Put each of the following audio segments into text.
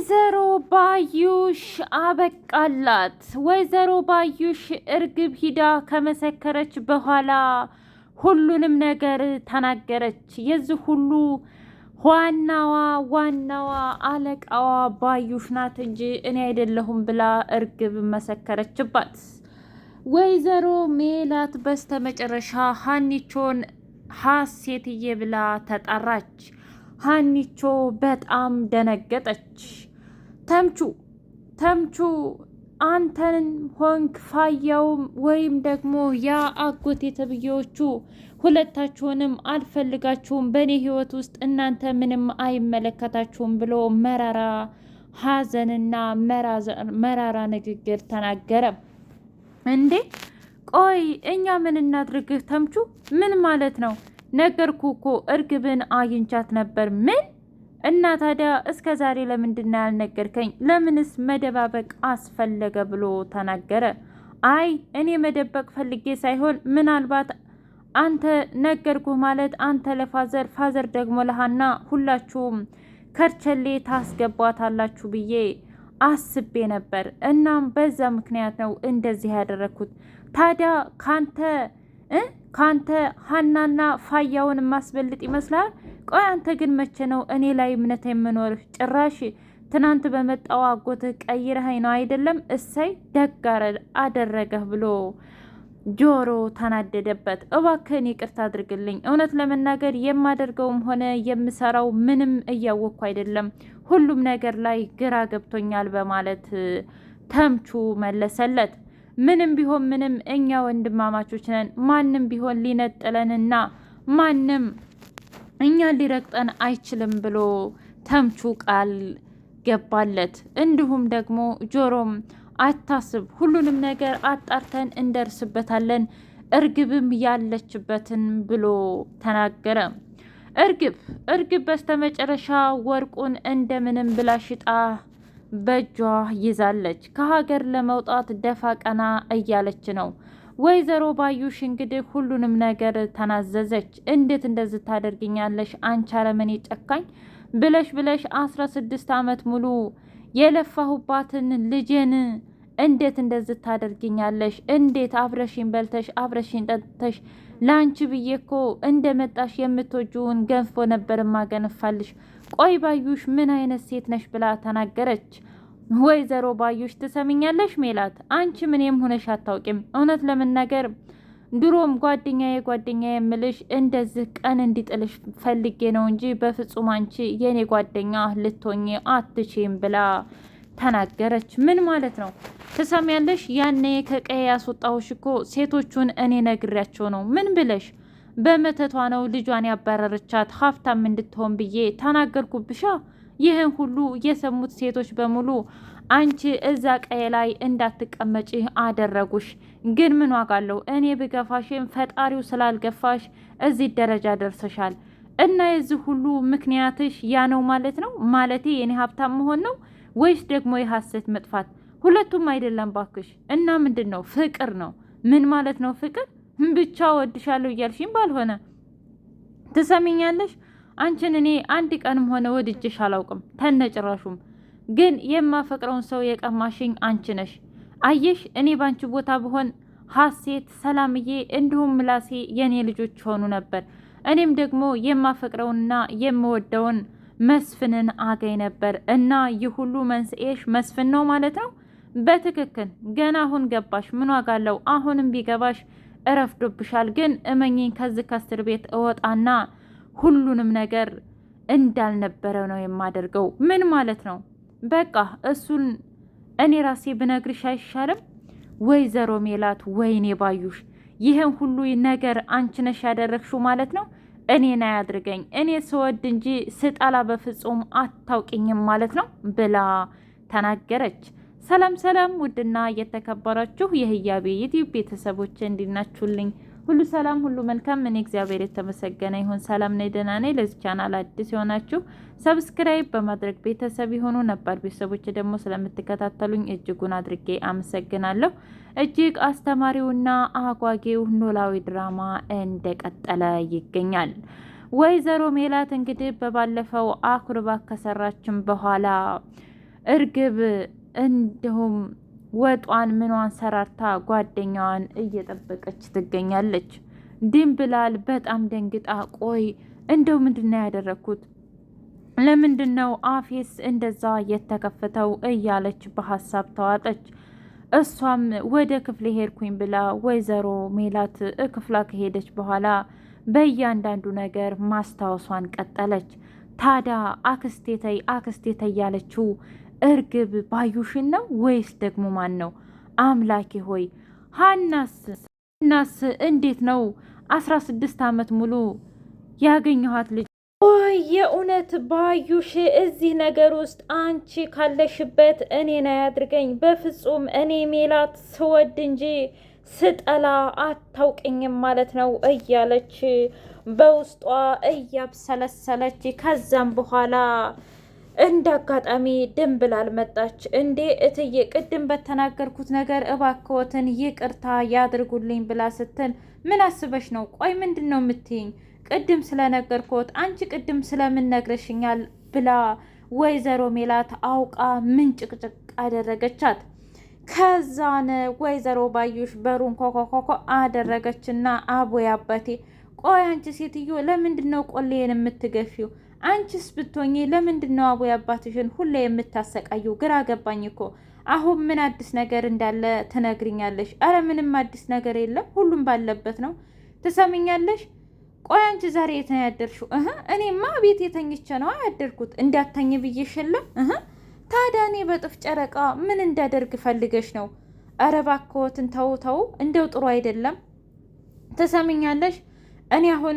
ወይዘሮ ባዩሽ አበቃላት። ወይዘሮ ባዩሽ እርግብ ሂዳ ከመሰከረች በኋላ ሁሉንም ነገር ተናገረች። የዚህ ሁሉ ዋናዋ ዋናዋ አለቃዋ ባዩሽ ናት እንጂ እኔ አይደለሁም ብላ እርግብ መሰከረችባት። ወይዘሮ ሜላት በስተመጨረሻ ሀኒቾን ሀሴትዬ ብላ ተጠራች። ሀኒቾ በጣም ደነገጠች። ተምቹ ተምቹ አንተን ሆንክ ፋያው ወይም ደግሞ ያ አጎት የተብዬዎቹ ሁለታችሁንም አልፈልጋችሁም፣ በእኔ ህይወት ውስጥ እናንተ ምንም አይመለከታችሁም ብሎ መራራ ሀዘንና መራራ ንግግር ተናገረ። እንዴ ቆይ እኛ ምን እናድርግህ? ተምቹ ምን ማለት ነው? ነገርኩ እኮ እርግብን አግኝቻት ነበር። ምን እና ታዲያ እስከ ዛሬ ለምንድን ነው ያልነገርከኝ? ለምንስ መደባበቅ አስፈለገ? ብሎ ተናገረ። አይ እኔ መደበቅ ፈልጌ ሳይሆን ምናልባት አንተ ነገርኩህ ማለት አንተ ለፋዘር ፋዘር ደግሞ ለሀና ሁላችሁም ከርቸሌ ታስገቧታላችሁ ብዬ አስቤ ነበር። እናም በዛ ምክንያት ነው እንደዚህ ያደረግኩት። ታዲያ ካንተ ካንተ ሀናና ፋያውን የማስበልጥ ይመስላል ቆይ አንተ ግን መቼ ነው እኔ ላይ እምነት የምኖርህ? ጭራሽ ትናንት በመጣው አጎትህ ቀይረኸኝ ነው አይደለም? እሰይ ደጋረ አደረገህ ብሎ ጆሮ ተናደደበት። እባክህን ይቅርታ አድርግልኝ። እውነት ለመናገር የማደርገውም ሆነ የምሰራው ምንም እያወቅኩ አይደለም፣ ሁሉም ነገር ላይ ግራ ገብቶኛል በማለት ተምቹ መለሰለት። ምንም ቢሆን ምንም እኛ ወንድማማቾች ነን። ማንም ቢሆን ሊነጥለንና ማንም እኛ ሊረግጠን አይችልም ብሎ ተምቹ ቃል ገባለት። እንዲሁም ደግሞ ጆሮም አታስብ፣ ሁሉንም ነገር አጣርተን እንደርስበታለን፣ እርግብም ያለችበትን ብሎ ተናገረ። እርግብ እርግብ በስተመጨረሻ ወርቁን እንደምንም ብላ ሽጣ በእጇ ይዛለች። ከሀገር ለመውጣት ደፋ ቀና እያለች ነው። ወይዘሮ ባዩሽ እንግዲህ ሁሉንም ነገር ተናዘዘች። እንዴት እንደዚህ ታደርግኛለሽ አንቺ አረመኔ ጨካኝ ብለሽ ብለሽ አስራ ስድስት አመት ሙሉ የለፋሁባትን ልጄን እንዴት እንደዚህ ታደርግኛለሽ? እንዴት አብረሽን በልተሽ አብረሽን ጠጥተሽ ለአንቺ ብዬ እኮ እንደ መጣሽ የምትወጂውን ገንፎ ነበር ማገነፋልሽ። ቆይ ባዩሽ ምን አይነት ሴት ነሽ ብላ ተናገረች። ወይዘሮ ባዩሽ ትሰምኛለሽ? ሜላት አንቺ ምንም ሆነሽ አታውቂም። እውነት ለመናገር ድሮም ጓደኛዬ ጓደኛ የምልሽ እንደዚህ ቀን እንዲጥልሽ ፈልጌ ነው እንጂ በፍጹም አንቺ የኔ ጓደኛ ልትሆኚ አትችም ብላ ተናገረች። ምን ማለት ነው? ትሰሚያለሽ? ያኔ ከቀይ ያስወጣሁሽ እኮ ሴቶቹን እኔ ነግሬያቸው ነው። ምን ብለሽ? በመተቷ ነው ልጇን ያባረረቻት ሀብታም እንድትሆን ብዬ ተናገርኩብሻ ይህን ሁሉ የሰሙት ሴቶች በሙሉ አንቺ እዛ ቀይ ላይ እንዳትቀመጪ አደረጉሽ። ግን ምን ዋጋ አለው? እኔ ብገፋሽም ፈጣሪው ስላልገፋሽ እዚህ ደረጃ ደርሰሻል። እና የዚህ ሁሉ ምክንያትሽ ያ ነው ማለት ነው? ማለቴ የኔ ሀብታም መሆን ነው ወይስ ደግሞ የሀሴት መጥፋት? ሁለቱም አይደለም ባክሽ። እና ምንድን ነው? ፍቅር ነው። ምን ማለት ነው ፍቅር? ብቻ ወድሻለሁ እያልሽም ባልሆነ ትሰሚኛለሽ አንቺን እኔ አንድ ቀንም ሆነ ወድጅሽ አላውቅም ተነጭራሹም። ግን የማፈቅረውን ሰው የቀማሽኝ አንቺ ነሽ። አየሽ፣ እኔ ባንቺ ቦታ ብሆን ሀሴት፣ ሰላምዬ እንዲሁም ምላሴ የእኔ ልጆች ሆኑ ነበር። እኔም ደግሞ የማፈቅረውንና የምወደውን መስፍንን አገኝ ነበር። እና ይህ ሁሉ መንስኤሽ መስፍን ነው ማለት ነው? በትክክል ገና አሁን ገባሽ። ምን ዋጋ አለው? አሁንም ቢገባሽ እረፍዶብሻል። ግን እመኝኝ ከዚህ ከእስር ቤት እወጣና ሁሉንም ነገር እንዳልነበረ ነው የማደርገው። ምን ማለት ነው? በቃ እሱን እኔ ራሴ ብነግርሽ አይሻልም? ወይዘሮ ሜላት፣ ወይኔ ባዩሽ፣ ይህን ሁሉ ነገር አንቺ ነሽ ያደረግሽው ማለት ነው። እኔን አያድርገኝ፣ እኔ ስወድ እንጂ ስጠላ በፍጹም አታውቂኝም ማለት ነው ብላ ተናገረች። ሰላም ሰላም! ውድና እየተከበራችሁ የህያቤ ዩቲዩብ ቤተሰቦች እንዲናችሁልኝ ሁሉ ሰላም፣ ሁሉ መልካም። እኔ እግዚአብሔር የተመሰገነ ይሁን ሰላም ነኝ፣ ደህና ነኝ። ለዚህ ቻናል አዲስ የሆናችሁ ሰብስክራይብ በማድረግ ቤተሰብ የሆኑ ነባር ቤተሰቦች ደግሞ ስለምትከታተሉኝ እጅጉን አድርጌ አመሰግናለሁ። እጅግ አስተማሪውና አጓጌው ኖላዊ ድራማ እንደቀጠለ ይገኛል። ወይዘሮ ሜላት እንግዲህ በባለፈው አኩርባ ከሰራችን በኋላ እርግብ እንዲሁም ወጧን ምኗን ሰራርታ ጓደኛዋን እየጠበቀች ትገኛለች። ድንብላል በጣም ደንግጣ ቆይ እንደው ምንድን ነው ያደረግኩት? ለምንድን ነው አፌስ እንደዛ የተከፈተው? እያለች በሀሳብ ተዋጠች። እሷም ወደ ክፍል ሄድኩኝ ብላ ወይዘሮ ሜላት ክፍሏ ከሄደች በኋላ በእያንዳንዱ ነገር ማስታወሷን ቀጠለች። ታዲያ አክስቴተይ አክስቴተይ ያለችው እርግብ ባዩሽን ነው ወይስ ደግሞ ማን ነው? አምላኬ ሆይ ሀናስ ሀናስ እንዴት ነው አስራ ስድስት ዓመት ሙሉ ያገኘኋት ልጅ ኦይ የእውነት ባዩሽ እዚህ ነገር ውስጥ አንቺ ካለሽበት እኔን አያድርገኝ በፍጹም እኔ ሜላት ስወድ እንጂ ስጠላ አታውቅኝም ማለት ነው እያለች በውስጧ እያብሰለሰለች ከዛም በኋላ እንደ አጋጣሚ ድንብላል መጣች። እንዴ እትዬ ቅድም በተናገርኩት ነገር እባክዎትን ይቅርታ ያድርጉልኝ ብላ ስትል ምን አስበሽ ነው? ቆይ ምንድን ነው የምትይኝ? ቅድም ስለነገርኩት አንቺ ቅድም ስለምን ነግረሽኛል? ብላ ወይዘሮ ሜላት አውቃ ምን ጭቅጭቅ አደረገቻት። ከዛን ወይዘሮ ባዩሽ በሩን ኮኮኮኮ አደረገችና አቦ ያባቴ፣ ቆይ አንቺ ሴትዮ ለምንድን ነው ቆሌን የምትገፊው? አንቺስ ብትሆኚ ለምንድን ነው አቡ አባትሽን ሁሌ የምታሰቃየው ግራ ገባኝ እኮ አሁን ምን አዲስ ነገር እንዳለ ትነግሪኛለሽ? አረ ምንም አዲስ ነገር የለም፣ ሁሉም ባለበት ነው። ትሰሚኛለሽ? ቆይ አንቺ ዛሬ የት ነው ያደርሽው? እህ እኔማ ቤት የተኝቸ ነው ያደርኩት። እንዳታኝ ብዬሽ የለም? እህ ታዲያ እኔ በጥፍ ጨረቃ ምን እንዳደርግ ፈልገሽ ነው? አረ እባክዎትን ተው ተው፣ እንደው ጥሩ አይደለም። ትሰሚኛለሽ? እኔ አሁን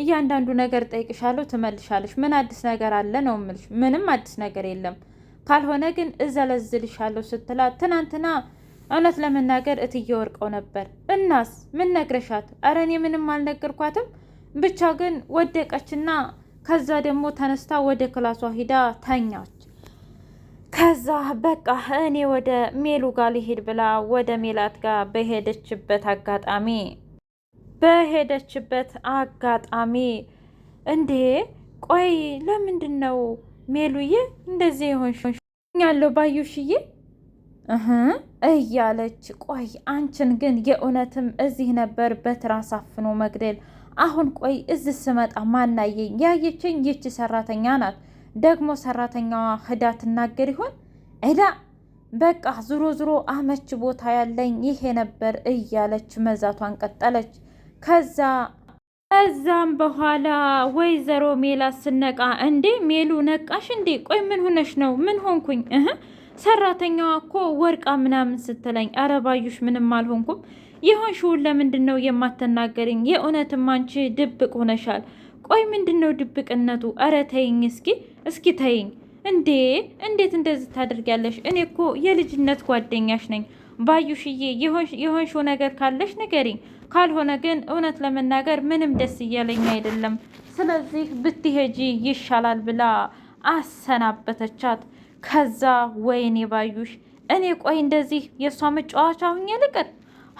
እያንዳንዱ ነገር ጠይቅሻለሁ፣ ትመልሻለሽ። ምን አዲስ ነገር አለ ነው ምልሽ? ምንም አዲስ ነገር የለም። ካልሆነ ግን እዘለዝልሻለሁ ስትላት ትናንትና እውነት ለመናገር እትዬ ወርቀው ነበር። እናስ ምን ነግረሻት? ኧረ እኔ ምንም አልነገርኳትም። ብቻ ግን ወደቀችና ከዛ ደግሞ ተነስታ ወደ ክላሷ ሂዳ ተኛች። ከዛ በቃ እኔ ወደ ሜሉ ጋር ሊሄድ ብላ ወደ ሜላት ጋር በሄደችበት አጋጣሚ በሄደችበት አጋጣሚ እንዴ ቆይ ለምንድን ነው ሜሉዬ እንደዚህ የሆንሽ ያለው ባዩሽዬ እያለች ቆይ አንቺን ግን የእውነትም እዚህ ነበር በትራስ አፍኖ መግደል አሁን ቆይ እዚህ ስመጣ ማናየኝ ያየችኝ ይቺ ሰራተኛ ናት ደግሞ ሰራተኛዋ ህዳ ትናገር ይሆን እዳ በቃ ዙሮ ዙሮ አመች ቦታ ያለኝ ይሄ ነበር እያለች መዛቷን ቀጠለች ከዛ ከዛም በኋላ ወይዘሮ ሜላት ስነቃ፣ እንዴ ሜሉ ነቃሽ እንዴ? ቆይ ምን ሆነሽ ነው? ምን ሆንኩኝ? እህ ሰራተኛዋ እኮ ወርቃ ምናምን ስትለኝ፣ አረ ባዩሽ ምንም አልሆንኩም። የሆንሽውን ለምንድን ነው የማትናገርኝ? የእውነትም አንቺ ድብቅ ሆነሻል። ቆይ ምንድን ነው ድብቅነቱ? አረ ተይኝ እስኪ እስኪ ተይኝ። እንዴ እንዴት እንደዚህ ታደርጊያለሽ? እኔ እኮ የልጅነት ጓደኛሽ ነኝ። ባዩሽዬ የሆንሽው ነገር ካለሽ ንገሪኝ ካልሆነ ግን እውነት ለመናገር ምንም ደስ እያለኝ አይደለም፣ ስለዚህ ብትሄጂ ይሻላል ብላ አሰናበተቻት። ከዛ ወይኔ ባዩሽ እኔ ቆይ እንደዚህ የእሷ መጫወቻ ሁኜ ልቅር?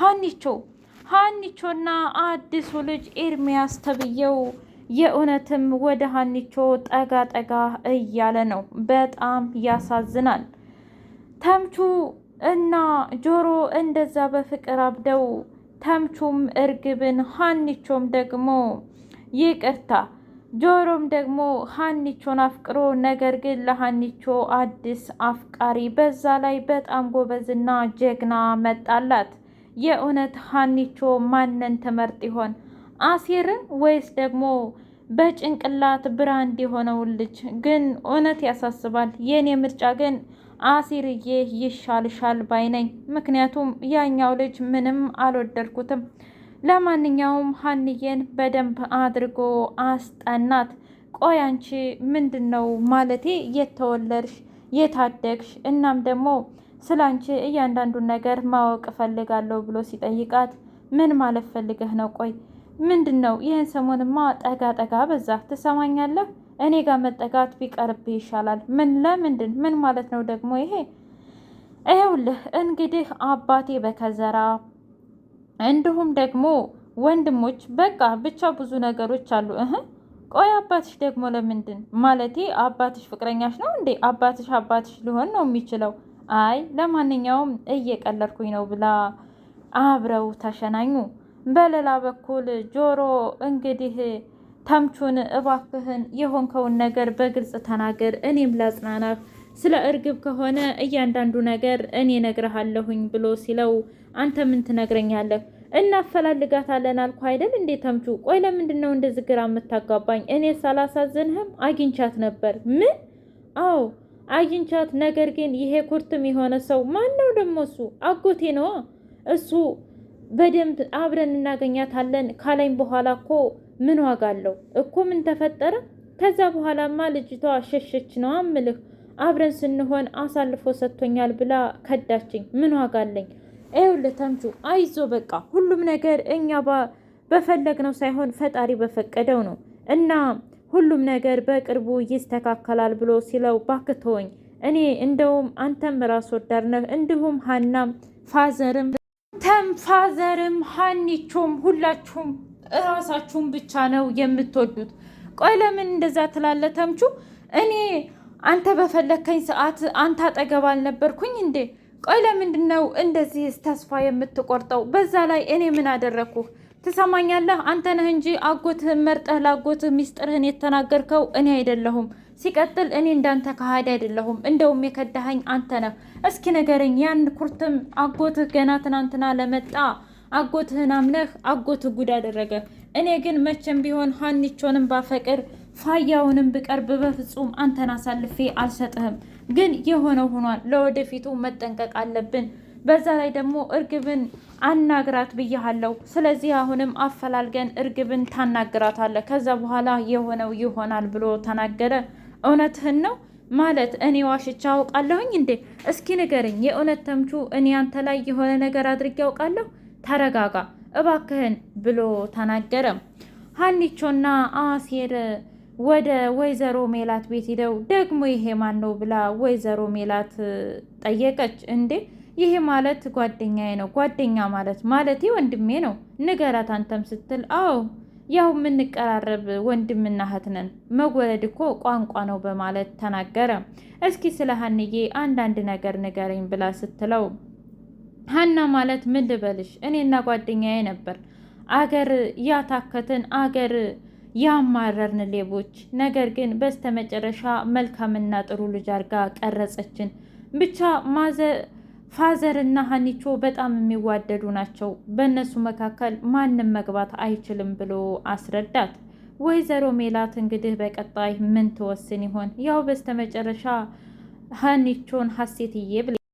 ሀኒቾ ሀኒቾና አዲሱ ልጅ ኤርሚያስ ተብዬው የእውነትም ወደ ሀኒቾ ጠጋ ጠጋ እያለ ነው። በጣም ያሳዝናል። ተምቹ እና ጆሮ እንደዛ በፍቅር አብደው ተምቹም እርግብን ሀኒቾም ደግሞ ይቅርታ ጆሮም ደግሞ ሀኒቾን አፍቅሮ ነገር ግን ለሀኒቾ አዲስ አፍቃሪ በዛ ላይ በጣም ጎበዝና ጀግና መጣላት። የእውነት ሀኒቾ ማንን ትመርጥ ይሆን? አሴርን ወይስ ደግሞ በጭንቅላት ብራንድ የሆነውን ልጅ? ግን እውነት ያሳስባል። የእኔ ምርጫ ግን አሲርዬ ይሻልሻል ባይነኝ። ምክንያቱም ያኛው ልጅ ምንም አልወደድኩትም። ለማንኛውም ሀንዬን በደንብ አድርጎ አስጠናት። ቆይ አንቺ ምንድን ነው ማለቴ የተወለድሽ የታደግሽ፣ እናም ደግሞ ስለ አንቺ እያንዳንዱን ነገር ማወቅ እፈልጋለሁ ብሎ ሲጠይቃት ምን ማለት ፈልገህ ነው? ቆይ ምንድን ነው ይህን ሰሞንማ ጠጋ ጠጋ በዛ። ትሰማኛለህ እኔ ጋር መጠጋት ቢቀርብ ይሻላል። ምን ለምንድን ምን ማለት ነው ደግሞ ይሄ? ይኸውልህ እንግዲህ አባቴ በከዘራ እንዲሁም ደግሞ ወንድሞች በቃ ብቻ ብዙ ነገሮች አሉ እህ ቆይ አባትሽ ደግሞ ለምንድን ማለቴ አባትሽ ፍቅረኛሽ ነው እንዴ? አባትሽ አባትሽ ሊሆን ነው የሚችለው። አይ ለማንኛውም እየቀለድኩኝ ነው ብላ አብረው ተሸናኙ። በሌላ በኩል ጆሮ እንግዲህ ተምቹን እባክህን የሆንከውን ነገር በግልጽ ተናገር፣ እኔም ላጽናናህ። ስለ እርግብ ከሆነ እያንዳንዱ ነገር እኔ ነግረሃለሁኝ ብሎ ሲለው አንተ ምን ትነግረኛለህ? እናፈላልጋታለን አልኩ አይደል እንዴ ተምቹ? ቆይ ለምንድን ነው እንደዚህ ግራ የምታጋባኝ? እኔ ሳላሳዝንህም አግኝቻት ነበር። ምን? አዎ አግኝቻት፣ ነገር ግን ይሄ ኩርትም የሆነ ሰው ማን ነው ደግሞ? እሱ አጎቴ ነዋ። እሱ በደንብ አብረን እናገኛታለን ካለኝ በኋላ እኮ ምን ዋጋ አለው እኮ ምን ተፈጠረ? ከዛ በኋላማ ልጅቷ ሸሸች ነው አምልህ አብረን ስንሆን አሳልፎ ሰጥቶኛል ብላ ከዳችኝ። ምን ዋጋ አለኝ? ይኸውልህ ተምቹ አይዞ በቃ ሁሉም ነገር እኛ በፈለግነው ሳይሆን ፈጣሪ በፈቀደው ነው እና ሁሉም ነገር በቅርቡ ይስተካከላል ብሎ ሲለው ባክተወኝ እኔ እንደውም አንተም ራስ ወዳድ ነህ፣ እንዲሁም ሀናም ፋዘርም ተም ፋዘርም ሀኒቾም ሁላችሁም እራሳችሁን ብቻ ነው የምትወዱት። ቆይ ለምን እንደዛ ትላለ ተምቹ? እኔ አንተ በፈለከኝ ሰዓት አንተ አጠገብ አልነበርኩኝ እንዴ? ቆይ ለምንድን ነው እንደዚህ ተስፋ የምትቆርጠው? በዛ ላይ እኔ ምን አደረግኩህ? ትሰማኛለህ? አንተ ነህ እንጂ አጎትህን መርጠህ ላጎት ሚስጥርህን የተናገርከው እኔ አይደለሁም። ሲቀጥል እኔ እንዳንተ ከሃዲ አይደለሁም። እንደውም የከዳኸኝ አንተ ነህ። እስኪ ንገረኝ፣ ያን ኩርትም አጎትህ ገና ትናንትና ለመጣ አጎትህን አምነህ አጎትህ ጉድ አደረገ። እኔ ግን መቼም ቢሆን ሀኒቾንም ባፈቅር ፋያውንም ብቀርብ በፍጹም አንተን አሳልፌ አልሰጥህም። ግን የሆነ ሆኗል። ለወደፊቱ መጠንቀቅ አለብን። በዛ ላይ ደግሞ እርግብን አናግራት ብያሃለሁ። ስለዚህ አሁንም አፈላልገን እርግብን ታናግራታለህ። ከዛ በኋላ የሆነው ይሆናል ብሎ ተናገረ። እውነትህን ነው ማለት እኔ ዋሽቻ አውቃለሁኝ እንዴ? እስኪ ንገርኝ፣ የእውነት ተምቹ፣ እኔ አንተ ላይ የሆነ ነገር አድርጌ አውቃለሁ? ተረጋጋ እባክህን ብሎ ተናገረ። ሀኒቾና አሴር ወደ ወይዘሮ ሜላት ቤት ሂደው ደግሞ ይሄ ማን ነው ብላ ወይዘሮ ሜላት ጠየቀች። እንዴ ይሄ ማለት ጓደኛዬ ነው። ጓደኛ ማለት ማለት ወንድሜ ነው ንገራት አንተም ስትል አዎ ያው የምንቀራረብ ወንድምና እህት ነን፣ መወለድ እኮ ቋንቋ ነው በማለት ተናገረ። እስኪ ስለ ሀንዬ አንዳንድ ነገር ንገረኝ ብላ ስትለው ሀና ማለት ምን ልበልሽ፣ እኔና ጓደኛዬ ነበር አገር ያታከትን አገር ያማረርን ሌቦች። ነገር ግን በስተመጨረሻ መልካምና ጥሩ ልጅ አርጋ ቀረጸችን። ብቻ ማዘ ፋዘርና ሀኒቾ በጣም የሚዋደዱ ናቸው። በእነሱ መካከል ማንም መግባት አይችልም ብሎ አስረዳት። ወይዘሮ ሜላት እንግዲህ በቀጣይ ምን ትወስን ይሆን? ያው በስተመጨረሻ ሀኒቾን ሀሴትዬ ብላ